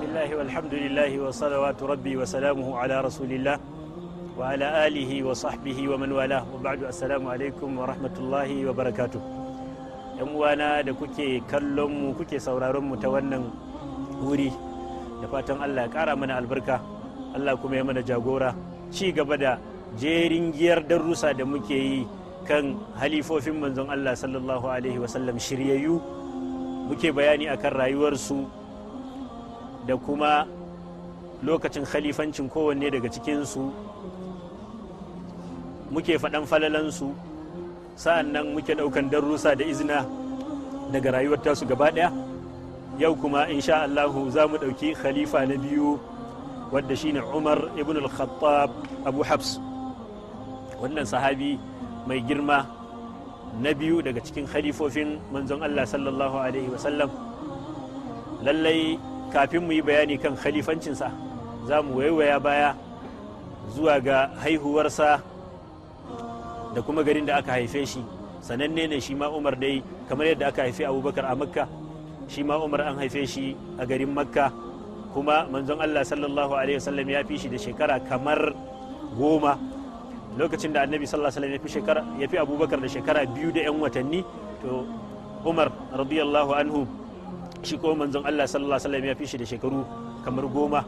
bismillahi walhamdulillahi wa salawatu rabbi wa salamuhu ala rasulillah wa ala wa sahbihi wa man wa ba'du assalamu alaikum wa rahmatullahi wa barakatuh yan uwana da kuke kallon mu kuke sauraron mu ta wannan wuri da fatan Allah ya kara mana albarka Allah kuma ya mana jagora ci gaba da jerin giyar darussa da muke yi kan halifofin manzon Allah sallallahu alaihi shiryayyu muke bayani akan rayuwarsu da kuma lokacin khalifancin kowanne daga cikinsu muke faɗan falalansu sa'an nan muke ɗaukan darussa da izina daga rayuwar tasu gaba ɗaya yau kuma insha Allahu za mu ɗauki khalifa na biyu wadda shine umar ibn al-khattab abu habs wannan sahabi mai girma na biyu daga cikin khalifofin manzon Allah sallallahu alaihi wasallam lallai kafin mu yi bayani kan khalifancinsa za mu waiwaya baya zuwa ga haihuwarsa da kuma garin da aka haife shi sananne ne shi ma umar dai kamar yadda aka haife abubakar a makka shi ma umar an haife shi a garin makka kuma manzon allah sallallahu alaihi wasallam ya fi shi da shekara kamar goma lokacin da annabi sallallahu alaihi wasallam ya fi abubakar da shekara biyu da 'yan watanni to umar radiyallahu anhu shi kuma manzon Allah sallallahu alaihi wasallam ya fi shi da shekaru kamar goma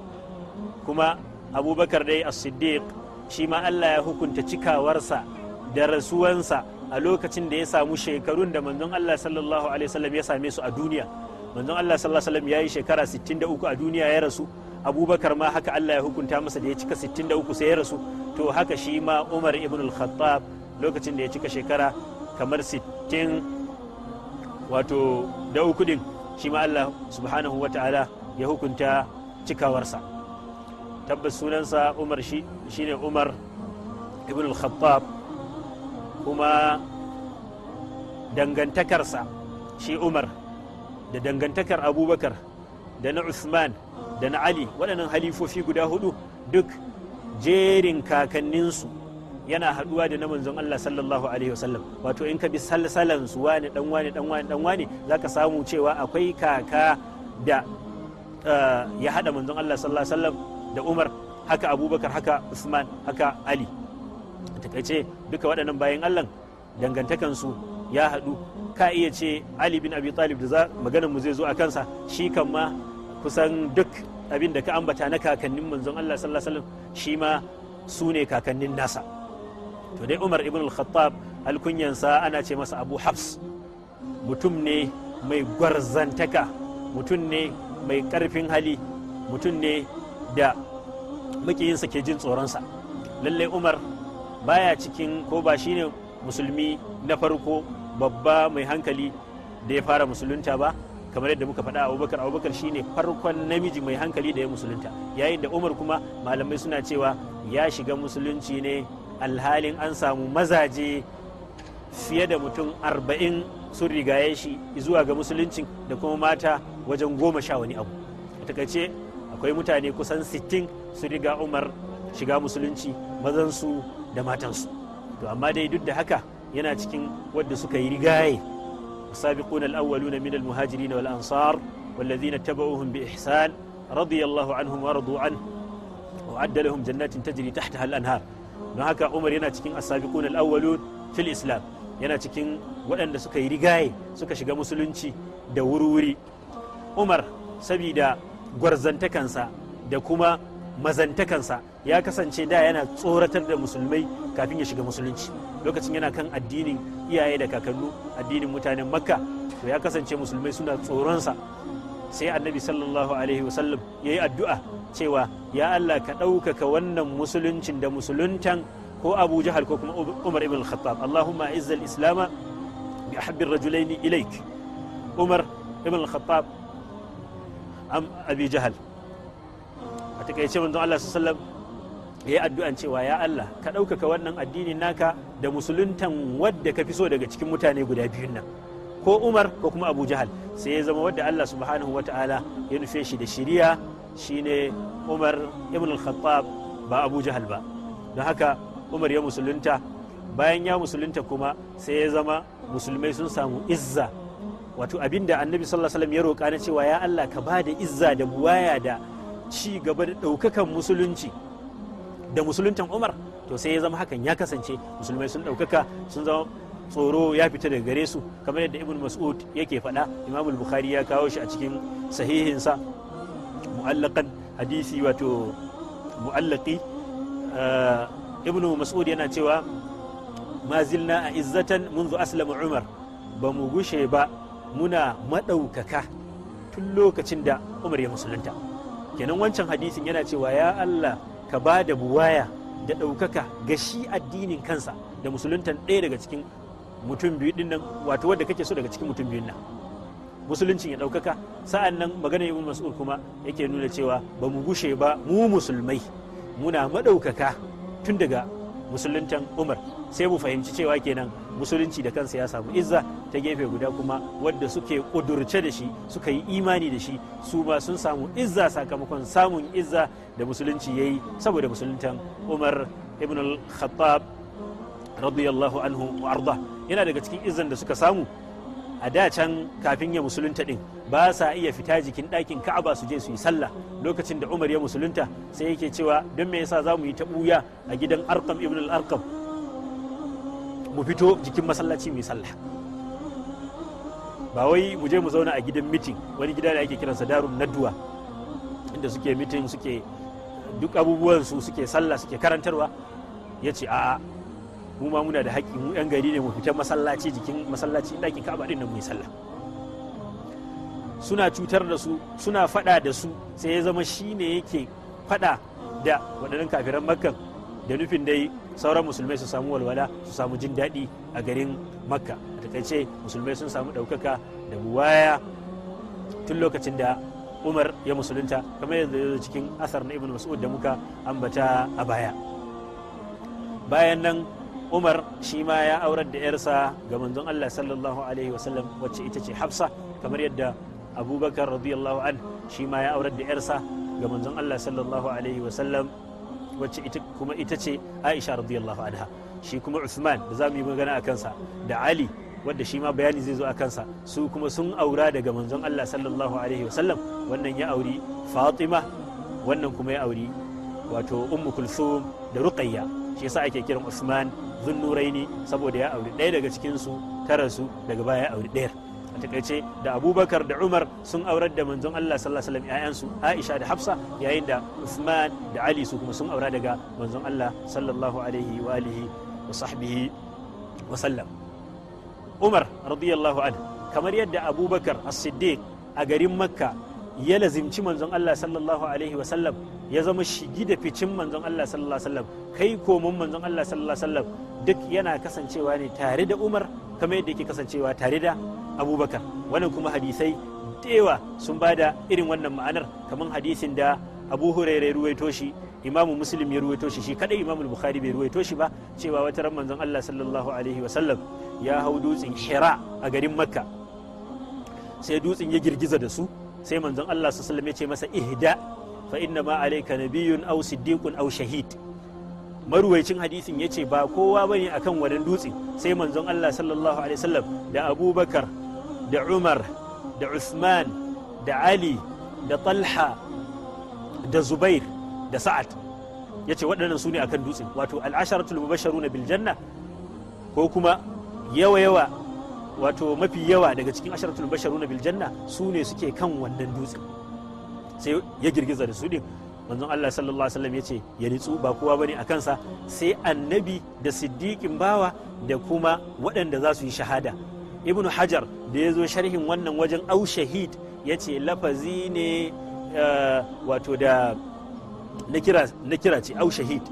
kuma abubakar dai as-siddiq shi ma Allah ya hukunta cikawarsa da rasuwansa a lokacin da ya samu shekarun da manzon Allah sallallahu alaihi wasallam ya same su a duniya manzon Allah sallallahu alaihi wasallam ya yi shekara 63 a duniya ya rasu abubakar ma haka Allah ya hukunta masa da ya cika 63 sai ya rasu to haka shi ma Umar ibn al-Khattab lokacin da ya cika shekara kamar 60 wato da uku din shi ma Allah subhanahu wa ta'ala ya hukunta cikawarsa tabbas sunansa umar shi shine umar ibn al-khattab kuma dangantakarsa shi umar da dangantakar abubakar da na usman da na ali waɗannan halifofi guda hudu duk jerin kakanninsu yana haɗuwa da na manzon Allah sallallahu alaihi wasallam wato in ka bi salsalan su wani dan wani dan wani dan wani zaka samu cewa akwai kaka da eh, ya haɗa manzon Allah sallallahu alaihi wasallam da Umar haka Abubakar haka Usman haka Ali takaice duka waɗannan bayan Allah dangantakan su ya haɗu ka iya ce Ali bin Abi Talib da maganar mu zai zo a kansa shi kan ma kusan duk abin da ka ambata na kakannin manzon Allah sallallahu alaihi wasallam shi ma su ne kakannin nasa to dai umar ibn al-khattab alkunyansa ana ce masa abu habs mutum ne mai gwarzantaka mutum ne mai karfin hali mutum ne da makiyinsa ke jin tsoronsa lallai umar baya cikin ko ba shine musulmi na farko babba mai hankali da ya fara musulunta ba kamar yadda muka faɗa abubakar abubakar shine farkon namiji mai hankali da ya musulunta yayin da umar kuma malamai suna cewa ya shiga musulunci ne alhalin an samu mazaje fiye da mutum arba'in sun rigaye shi zuwa ga musuluncin da kuma mata wajen goma sha wani abu a akwai mutane kusan sittin su riga umar shiga musulunci mazansu da matansu to amma dai duk da haka yana cikin wadda suka yi rigaye السابقون الأولون من المهاجرين والأنصار والذين اتبعوهم بإحسان رضي الله عنهم ورضوا عنه وأعد لهم جنات تجري تحتها الأنهار don haka umar yana cikin asabiqun al fil islam yana cikin waɗanda suka yi rigaye suka shiga musulunci da wuri-wuri umar sabida gwarzantakansa da kuma mazantakansa ya kasance da yana tsoratar da musulmai kafin ya shiga musulunci lokacin yana kan addinin iyaye da kakannu addinin mutanen makka to ya kasance musulmai suna tsoronsa sai annabi sallallahu alaihi wasallam ya yi addu'a cewa ya Allah ka ɗaukaka wannan musuluncin da musuluntan ko Abu Jahal ko kuma Umar ibn Khattab Allahumma izzal islama bi ahabbir rajulaini ilaik Umar ibn Khattab am Abi Jahal a takaice manzon Allah sallallahu ya yi addu'an cewa ya Allah ka ɗaukaka wannan addinin naka da musuluntan wadda ka fi so daga cikin mutane guda biyun nan ko Umar ko kuma Abu Jahal sai ya zama wadda Allah subhanahu wata'ala ya nufe shi da shiriya shine umar ibn al-khattab ba abu jahal ba don haka umar ya musulunta bayan ya musulunta kuma sai ya zama musulmai sun samu izza wato abinda annabi sallallahu alaihi wasallam ya roƙa na cewa ya Allah ka ba da izza da buwaya da ci gaba da ɗaukakan musulunci da musuluntan umar to sai ya zama hakan ya kasance musulmai sun ɗaukaka sun zama tsoro ya fita daga gare su kamar yadda ibn mas'ud yake faɗa imam bukhari ya kawo shi a cikin sahihinsa mu'allaqan hadisi wato mu'allaqi ah, ibnu mas'ud yana cewa ma zilna a izzatan munzu aslama umar ba mu gushe ba muna maɗaukaka tun lokacin da umar ya musulunta kenan wancan hadisin yana cewa ya allah ka ba da buwaya da ɗaukaka ga shi addinin kansa da musuluntan ɗaya daga cikin mutum biyu dinnan nan wato wadda kake so daga cikin mutum biyun nan musuluncin ya ɗaukaka sa'an nan maganar ibn mas'ud kuma yake nuna cewa ba mu gushe ba mu musulmai muna maɗaukaka tun daga musuluntan umar sai mu fahimci cewa kenan musulunci da kansa ya samu izza ta gefe guda kuma wadda suke ƙudurce da shi suka yi imani da shi su ma sun samu izza sakamakon samun izza da musulunci ya yi saboda musuluntan umar ibn al-khattab radiyallahu anhu wa arda yana daga cikin izzan da suka samu a da can kafin ya musulunta din ba sa iya fita jikin ɗakin ka'aba su je su yi sallah lokacin da umar ya musulunta sai yake cewa don me yasa za mu yi ta ɓuya a gidan arkam ibn al-arkam mu fito jikin masallaci mu yi sallah ba wai mu je mu zauna a gidan mitin wani gida da ake kiransa darun naduwa inda suke mitin suke duk abubuwan su suke sallah suke karantarwa ya ce a'a mu ma muna da haƙƙi mu yan gari ne mu fita masallaci jikin masallaci ɗakin ka'aba ɗin nan mu yi sallah suna cutar da su suna faɗa da su sai ya zama shi ne yake faɗa da waɗannan kafiran makkan da nufin dai sauran musulmai su samu walwala su samu jin daɗi a garin makka a takaice musulmai sun samu ɗaukaka da buwaya tun lokacin da umar ya musulunta kamar yanzu ya cikin asar na ibn mas'ud da muka ambata a baya bayan nan umar shi ma ya aurar da yarsa ga manzon allah sallallahu alaihi wasallam wacce ita ce hafsa kamar yadda abubakar radiyallahu an shi ma ya aurar da yarsa ga manzon allah sallallahu alaihi wasallam wacce ita kuma ita ce aisha radiyallahu anha shi kuma usman da za mu yi magana a kansa da ali wadda shi ma bayani zai zo a kansa su kuma sun aura daga manzon allah sallallahu alaihi wasallam wannan ya auri fatima wannan kuma ya auri wato ummu kulsum da ruqayya shi yasa ake kiran usman zunnuraini saboda ya auri ɗaya daga cikinsu ta rasu daga baya ya auri ɗaya a takaice da abubakar da umar sun aurar da manzon allah sallallahu alaihi yayansu aisha da hafsa yayin da usman da ali su kuma sun aura daga manzon allah sallallahu alaihi wa alihi wa sahbihi wa sallam umar radiyallahu anhu kamar yadda abubakar as-siddiq a garin makka ya lazimci manzon Allah sallallahu alaihi wasallam ya zama shigi da ficin manzon Allah sallallahu alaihi wasallam kai komin manzon Allah sallallahu alaihi wasallam duk yana kasancewa ne tare da Umar kamar yadda yake kasancewa tare da Abubakar wannan kuma hadisai dewa sun bada irin wannan ma'anar kamar hadisin da Abu Hurairah ruwaito shi Imam Muslim ya ruwaito shi shi kadai Imam Bukhari bai ruwaito shi ba cewa wata ran manzon Allah sallallahu alaihi wasallam ya hau dutsen Hira a garin Makka sai dutsen ya girgiza da su sai manzon Allah sallallahu ya ce masa ihda fa inna ma alayka nabiyyun aw siddiqun aw shahid maruwaicin hadisin ya ce ba kowa bane akan wannan dutse sai manzon Allah sallallahu alaihi wasallam da Abubakar da Umar da Usman da Ali da Talha da Zubair da Sa'ad ya ce waɗannan su ne akan dutse wato al'asharatul mubasharuna bil janna ko kuma yawa yawa wato mafi yawa daga cikin asharatul basharuna bil janna su ne suke kan wannan dutsen sai ya girgiza da su din manzon Allah sallallahu alaihi wasallam yace ya nitsu ba kowa bane a kansa sai annabi da siddiqin bawa da kuma waɗanda za su yi shahada ibnu hajar da ya zo sharhin wannan wajen au shahid yace lafazi ne eh, wato da na kira ce au shahid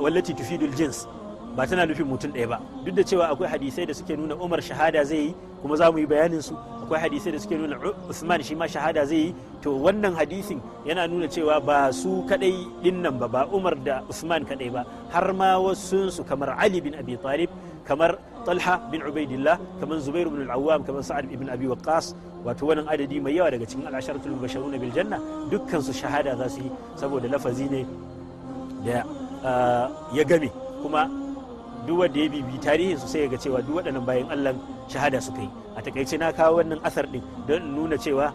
wallati tufidul jins ba tana nufin mutum ɗaya ba duk da cewa akwai hadisai da suke nuna umar shahada zai yi kuma za mu yi bayanin su akwai hadisai da suke nuna usman shi ma shahada zai yi to wannan hadisin yana nuna cewa ba su kadai din nan ba ba umar da usman kadai ba har ma wasu su kamar ali bin abi talib kamar talha bin ubaidillah kamar zubair bin al-awwam kamar sa'ad bin abi waqqas wato wannan adadi mai yawa daga cikin al-asharatul basharuna bil janna dukkan su shahada za su yi saboda lafazi ne da ah, ya game kuma duk wanda ya bibi tarihin su sai ga cewa duk waɗannan bayan Allah shahada su kai a takaice na kawo wannan asar din don nuna cewa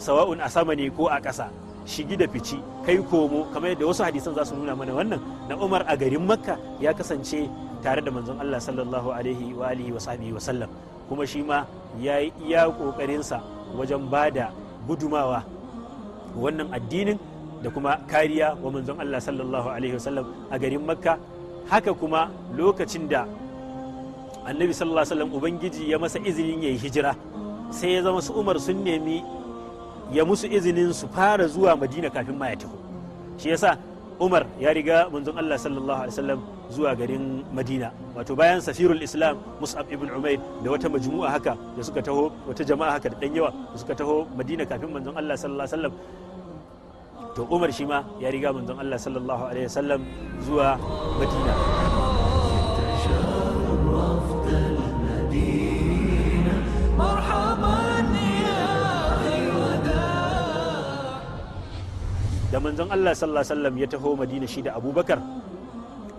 sawa'un a sama ne ko a ƙasa shigi da fici kai komo kamar yadda wasu hadisan za su nuna mana wannan na Umar a garin Makka ya kasance tare da manzon Allah sallallahu alaihi wa alihi wa sahbihi wa sallam kuma shi ma ya yi iya kokarinsa wajen bada gudumawa wannan addinin da kuma kariya wa manzon Allah sallallahu alaihi wa sallam a garin Makka haka kuma lokacin da annabi sallallahu alaihi wasallam ubangiji ya masa izinin ya yi hijira sai ya zama su umar sun nemi ya musu izinin su fara zuwa madina kafin ma ya tafi shi yasa umar ya riga manzon allah sallallahu alaihi wasallam zuwa garin madina wato bayan safirul islam mus'ab ibn umair da wata majmu'a haka da suka taho wata jama'a haka da dan yawa da suka taho madina kafin manzon allah sallallahu alaihi wasallam to umar shi ma ya riga manzon Allah sallallahu alaihi wasallam zuwa madina da manzon Allah sallallahu alaihi wasallam ya taho madina shi da abubakar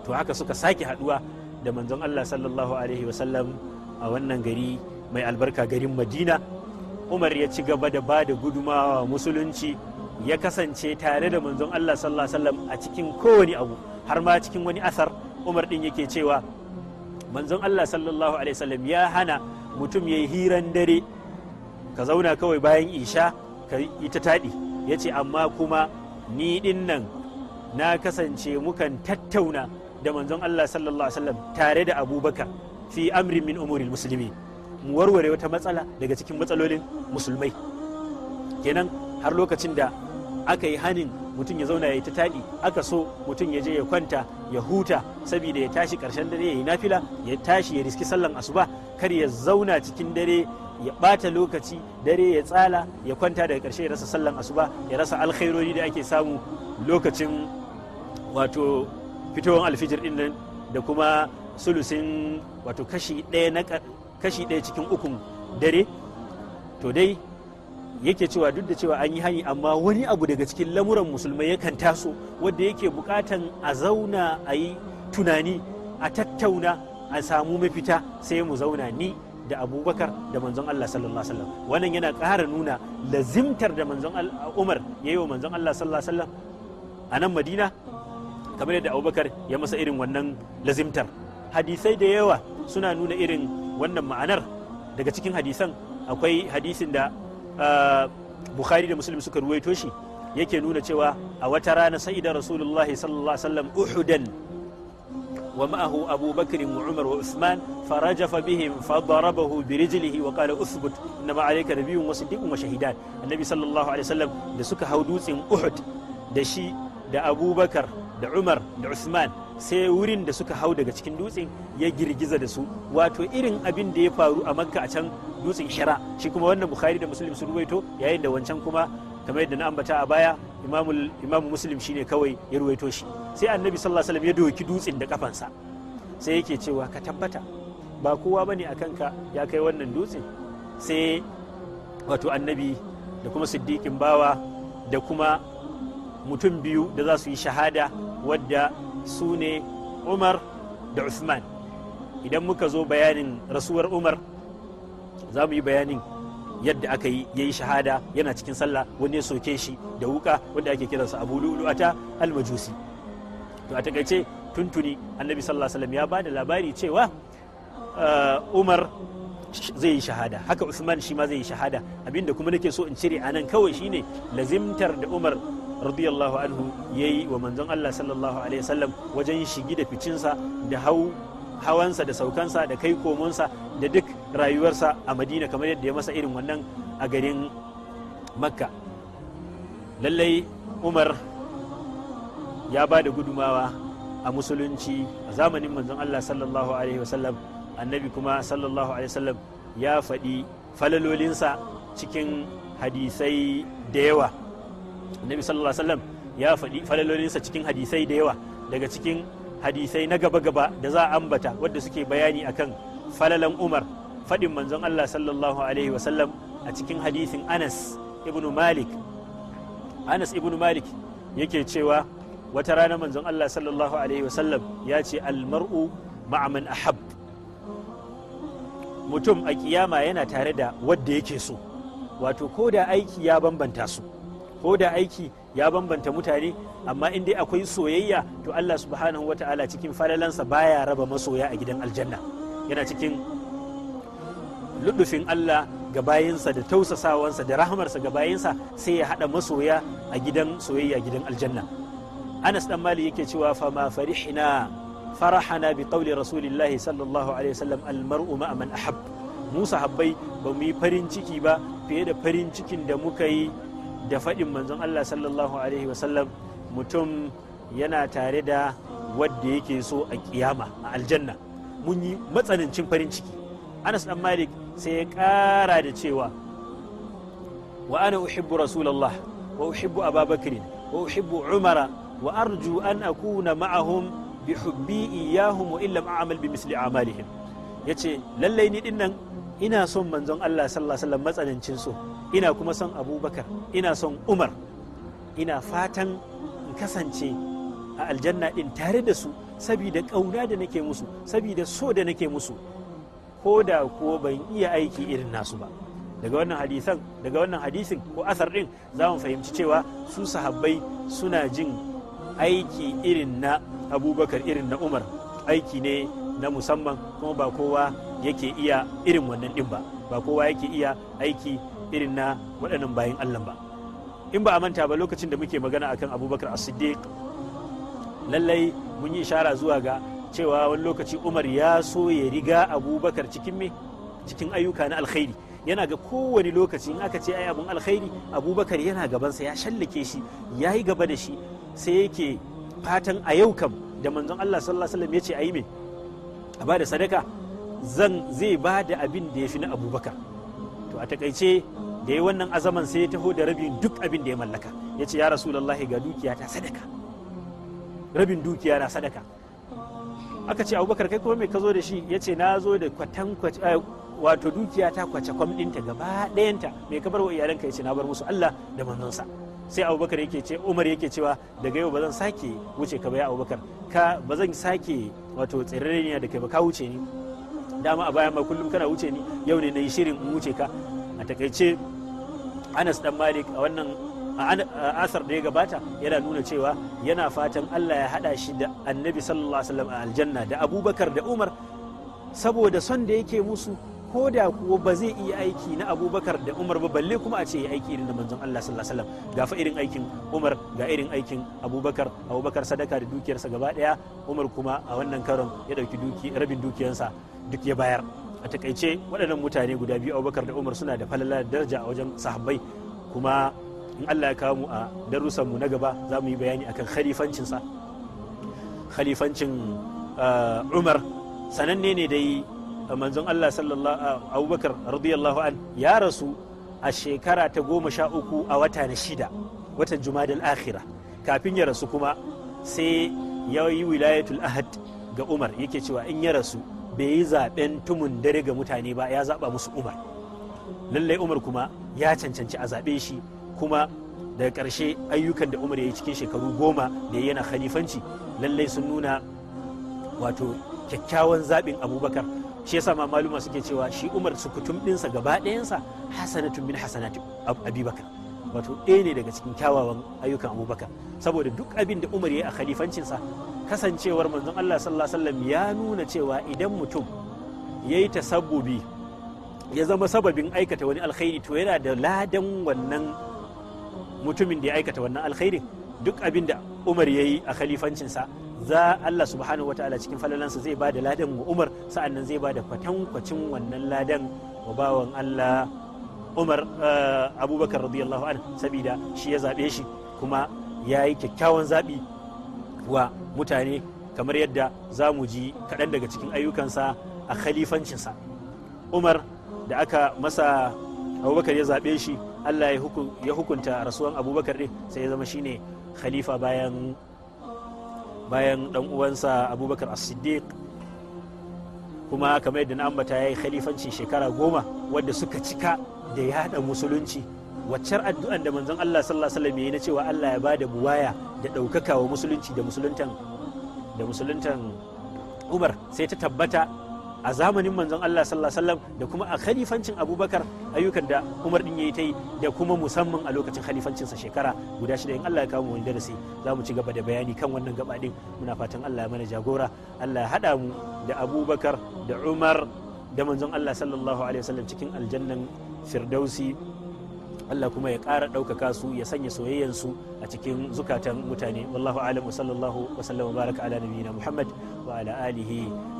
to haka suka sake haduwa da manzon Allah sallallahu alaihi wasallam a wannan gari mai albarka garin madina umar ya ci gaba da ba da gudumawa musulunci ya kasance tare da manzon Allah sallallahu alaihi wasallam a cikin kowane abu har ma cikin wani asar Umar din yake cewa manzon Allah sallallahu alaihi wasallam ya hana mutum yayi hiran dare ka zauna kawai bayan isha ka yi ta taɗi ya ce amma kuma ni din nan na kasance mukan tattauna da manzon Allah sallallahu alaihi wasallam tare da abubakar fi amrin min umuril musulmi mu warware wata matsala daga cikin matsalolin musulmai kenan har lokacin da aka yi hanin mutum ya zauna ya yi ta taɗi aka so mutum ya je ya kwanta ya huta saboda ya tashi ƙarshen dare ya yi nafila ya tashi ya riski sallan asuba kar ya zauna cikin dare ya ɓata lokaci dare ya tsala ya kwanta daga ƙarshe ya rasa sallan asuba ya rasa alkhairori da ake samu lokacin wato fitowar alfijir ɗin nan da kuma sulusin wato kashi ɗaya cikin ukun dare to dai yake cewa duk da cewa an yi hani amma wani abu daga cikin lamuran musulmai yakan taso wanda yake bukatan a zauna a yi tunani a tattauna a samu mafita sai mu zauna ni da abubakar da manzon Allah sallallahu alaihi wasallam wannan yana ƙara nuna lazimtar da manzon Umar ya yi wa manzon Allah sallallahu alaihi wasallam a nan Madina kamar yadda abubakar ya masa irin wannan lazimtar hadisai da yawa suna nuna irin wannan ma'anar daga cikin hadisan akwai hadisin da Eh, bukhari da muslim suka ruwaito shi yake nuna cewa a wata rana sai da rasulullahi sallallahu wasallam uhudan wa ma'ahu abubakar wa umar wa usman farajafa bihim fadarabahu bi rijlihi wa qala uthbut inma alayka nabiyyun wa siddiqun wa shahidan annabi sallallahu alaihi wasallam da suka hau dutsin uhud da shi da abubakar da umar da usman sai wurin da suka hau daga cikin dutsen ya girgiza da su wato irin abin da ya faru a makka a can dutsen shara shi kuma wannan bukhari da muslim sun ruwaito yayin da wancan kuma kamar yadda na ambata a baya imamu muslim shine kawai ya ruwaito shi sai annabi sallallahu alaihi wasallam ya doki dutsen da kafansa sai yake cewa ka tabbata ba kowa bane akan ka ya kai wannan dutsen sai wato annabi da kuma siddiqin bawa da kuma mutum biyu da za su yi shahada wadda su ne umar da uthman idan muka zo bayanin rasuwar umar za mu yi bayanin yadda aka yi ya shahada yana cikin sallah wani ya soke shi da wuka wanda ake kiransa abu ta almajusi to a takaice tuntuni annabi sallallahu alaihi wasallam ya ba da labari cewa uh, umar zai yi shahada haka usman shi ma zai yi shahada abinda kuma nake so in cire anan kawai shine lazimtar da umar radiyallahu anhu ya yi wa manzon Allah sallallahu alaihi wasallam wajen shigi da ficinsa da hau hawansa da saukansa da kai komonsa da duk rayuwarsa a madina kamar yadda ya masa irin wannan a garin makka lallai umar ya ba da gudumawa a musulunci a zamanin manzon allah sallallahu alaihi wasallam annabi kuma sallallahu alaihi wasallam ya faɗi falalolinsa cikin hadisai da yawa annabi sallallahu alaihi wasallam ya faɗi falalolinsa cikin hadisai da yawa daga cikin hadisai na gaba-gaba da za a ambata wadda suke bayani akan falalan umar faɗin manzon allah sallallahu alaihi wasallam a cikin hadisin anas ibn malik anas ibn malik yake cewa wata rana manzon allah sallallahu alaihi wasallam ya ce almar'u ma'aman ahab mutum a kiyama yana tare da wadda yake so wato ko da aiki ya bambanta su ko da aiki ya bambanta mutane amma in dai akwai soyayya to Allah subhanahu ta'ala cikin falalansa baya raba masoya a gidan aljanna yana cikin ludufin Allah ga bayinsa da tausasawansa da rahamarsa ga bayinsa sai ya haɗa masoya a gidan soyayya gidan aljanna Anas dan Mali yake cewa fa ma farihna farahana bi qawli rasulillahi sallallahu alaihi wasallam al mar'u ma man ahab Musa habbai ba mu yi farin ciki ba fiye da farin cikin da muka yi da faɗin manzon Allah sallallahu alaihi wasallam mutum yana tare da wadda yake so a kiyama a aljanna mun yi matsanancin farin ciki Anas dan Malik sai ya ƙara da cewa wa ana uhibbu rasulullah wa uhibbu ababakrin wa uhibbu umara wa arju an akuna ma'ahum bi hubbi iyyahum wa illam a'mal bi misli a'malihim yace lallai ni dinnan ina son manzon Allah sallallahu alaihi matsanancin su ina kuma son abubakar ina son umar ina fatan in kasance a aljanna din tare da su saboda ƙauna da nake musu saboda so da nake musu ko da ko ban iya aiki irin nasu ba daga wannan hadisan daga wannan hadisin ko asar din za mu fahimci cewa su sahabbai suna jin aiki irin na abubakar irin na umar aiki ne na musamman kuma ba kowa yake iya irin wannan din ba ba kowa yake iya aiki irin na waɗannan bayan Allah ba in ba a manta ba lokacin da muke magana akan abubakar as lallai mun yi ishara zuwa ga cewa wani lokaci umar ya so ya riga abubakar cikin me cikin ayyuka na alkhairi yana ga kowane lokaci in aka ce ai abun alkhairi abubakar yana gabansa ya shallake shi ya yi gaba da shi sai yake fatan a yau kam da manzon allah sallallahu alaihi wasallam ya ce ayi min. a ba da sadaka zan zai ba da abin da ya fi na abubakar to a takaice da ya wannan azaman sai ya taho da rabin duk abin da ya mallaka ya ce ya ga dukiya ta sadaka rabin dukiya na sadaka aka ce abubakar kai kuma mai ka zo da shi ya ce na zo da kwatan eh, wato dukiya ta kwace kwam ɗinta gaba ɗayanta mai kabar wa iyalanka ya ce na bar musu allah da manzonsa sai abubakar yake ce umar yake cewa daga yau ba zan sake wuce ka ba ya abubakar ka ba zan sake wato tsirrai da kai ba ka wuce ni dama a baya ma kullum kana wuce ni yau ne na yi shirin in wuce ka a takaice anas dan malik a wannan asar da ya gabata yana nuna cewa yana fatan allah ya haɗa shi da annabi sallallahu alaihi wasallam a aljanna da abubakar da umar saboda son da yake musu ko da kuwa ba zai iya aiki na abubakar da umar ba balle kuma a ce ya aiki irin da manzon allah sallallahu alaihi wasallam ga fa irin aikin umar ga irin aikin abubakar abubakar sadaka da dukiyarsa gaba daya umar kuma a wannan karon ya dauki duki rabin dukiyarsa duk ya bayar a takaice waɗannan mutane guda biyu abubakar da umar suna da falala da daraja a wajen sahabbai kuma in allah ya kawo mu a darussan mu na gaba za mu yi bayani akan khalifancinsa khalifancin eh, umar sananne ne dai manzon Allah sallallahu Abubakar radiyallahu an ya rasu a shekara ta goma sha uku a wata na shida watan jumadal akhira kafin ya rasu kuma sai ya yi wilayatul ahad ga umar yake cewa in ya rasu bai yi zaben tumun dare ga mutane ba ya zaba musu umar lallai umar kuma ya cancanci a zaɓe shi kuma daga ƙarshe ayyukan da umar ya yi cikin shekaru goma da yana khalifanci lallai sun nuna wato kyakkyawan zaɓin abubakar shi yasa ma maluma suke cewa shi umar sukutum ɗinsa gaba ɗayansa hasanatun min hasanatu abubakar wato ɗaya ne daga cikin kyawawan ayyukan abubakar saboda duk abin da umar ya yi a khalifancinsa kasancewar manzon allah sallallahu alaihi ya nuna cewa idan mutum ya yi tasabbubi ya zama sababin aikata wani alkhairi to yana da ladan wannan mutumin da ya aikata wannan alkhairin duk abin da umar ya yi a khalifancinsa za Allah subhanahu wataala cikin falalansa zai ba da ladan wa Umar nan zai ba da kwatankwacin wannan ladan wa bawan Allah Umar eh, Abubakar radiyallahu anhu saboda shi ya zabe shi kuma ya yi kyakkyawan zabi wa mutane kamar yadda za mu ji kaɗan daga cikin ayyukansa a khalifancinsa Umar da aka masa abubakar ya zabe shi allah ya hukunta rasuwan abubakar ɗin sai ya zama shine khalifa bayan bayan dan uwansa abubakar as kuma kamar yadda na ambata ya yi khalifancin shekara goma wadda suka cika da yada musulunci waccar addu'an da manzon Allah sallallahu alaihi wasallam ya na cewa Allah ya bada buwaya da ɗaukaka wa musulunci da musuluntan da musuluntan Umar sai ta tabbata a zamanin manzon Allah sallallahu alaihi wasallam da kuma a khalifancin Abubakar ayyukan da Umar din yayi tai da kuma musamman a lokacin khalifancin sa shekara guda shida in Allah ya kawo mu wani darasi za mu ci gaba da bayani kan wannan gaba din muna fatan Allah ya mana jagora Allah ya hada mu da Abubakar da Umar da manzon Allah sallallahu alaihi wasallam cikin aljannan Firdausi Allah kuma ya ƙara ɗaukaka su ya sanya soyayyansu a cikin zukatan mutane wallahu alam sallallahu wa baraka ala nabiyina Muhammad وعلى آله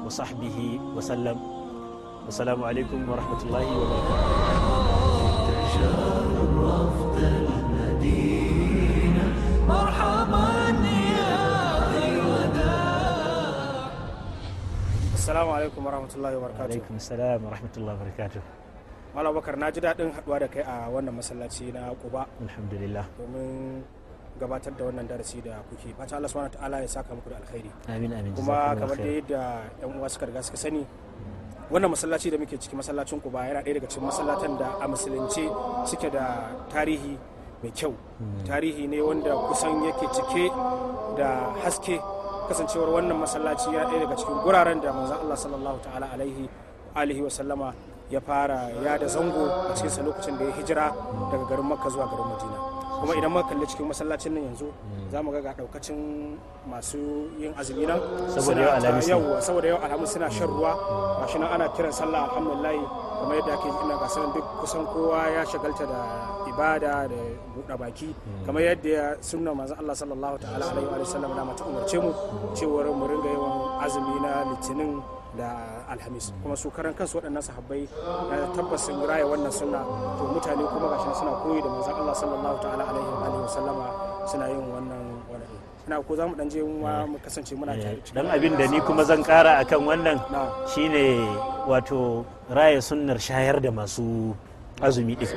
وصحبه وسلم والسلام عليكم ورحمة الله وبركاته مرحبا السلام عليكم ورحمة الله وبركاته عليكم السلام ورحمة الله وبركاته مالا بكر ناجد أدن حدوا دكي آه وانا مسلاتي ناقوبا الحمد لله ومن gabatar da wannan darasi da kuke fata Allah subhanahu ta'ala ya saka muku da alkhairi amin amin kuma kamar da yadda yan uwa suka riga suka sani wannan masallaci da muke ciki masallacin ku ba yana ɗaya daga cikin masallatan da a musulunci suke da tarihi mai kyau hmm. tarihi ne wanda kusan yake cike da haske kasancewar wannan masallaci ya ɗaya daga cikin guraren da manzon Allah sallallahu ta'ala alaihi alihi wa sallama ya fara ya da zango a cikinsa lokacin da ya hijira daga garin makka zuwa garin madina kuma idan muka kalli cikin masallacin nan yanzu hmm. za mu ga ga daukacin masu yin azumi nan saboda yau alhamis saboda suna shan ruwa hmm. gashi nan ana kiran sallah alhamdulillah kuma yadda ake ina ga sanin duk kusan kowa ya shagalta da ibada da buɗe baki hmm. kamar yadda sunna manzo Allah sallallahu ta'ala alaihi wa sallam da mata umarce mu cewa mu ringa yawan azumi na litinin da alhamis kuma su karan kansu waɗannan sahabbai tabbas sun raya wannan sunna to mutane kuma gashi suna koyi da manzon Allah sallallahu ta'ala alaihi wa sallama suna yin wannan wani ina ko zamu dan je mu kasance muna tare eh, dan abin da ni kuma zan kara akan wannan shine wato raya sunnar shayar da masu azumi din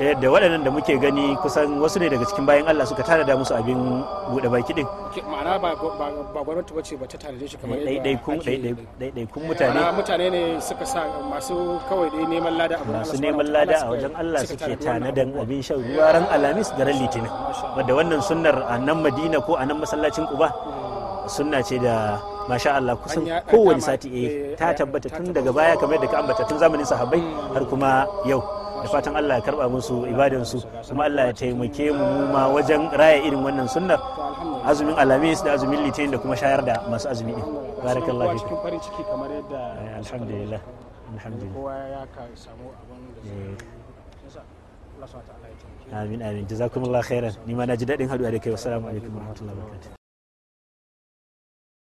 ta yadda waɗannan da muke gani kusan wasu ne daga cikin bayan Allah suka tanada musu abin buɗe baki din ma'ana ba gwamnati ce ba ta tanade shi kamar ɗaiɗaikun mutane mutane ne suka sa masu kawai dai neman lada a masu neman lada a wajen Allah suke tanadan abin shan ruwa ran alamis da ran litinin wadda wannan sunnar a nan Madina ko a nan masallacin Quba hmm. sunna ce da masha Allah kusan kowane sati eh, eh, ta eh, tabbata tun daga baya kamar yadda ka ambata tun zamanin sahabbai har hmm. kuma yau da fatan Allah ya karba musu ibadansu kuma Allah ya taimake mu ma wajen raya irin wannan sunnar azumin alamis da azumin litinin da kuma shayar da masu azumi din barakallahu fiki farin ciki kamar yadda eh, alhamdulillah alhamdulillah kowa ya ka samu abin da eh. Allah ya amin amin jazakumullahu khairan ni ma na ji dadin haduwa da kai assalamu alaikum warahmatullahi wabarakatuh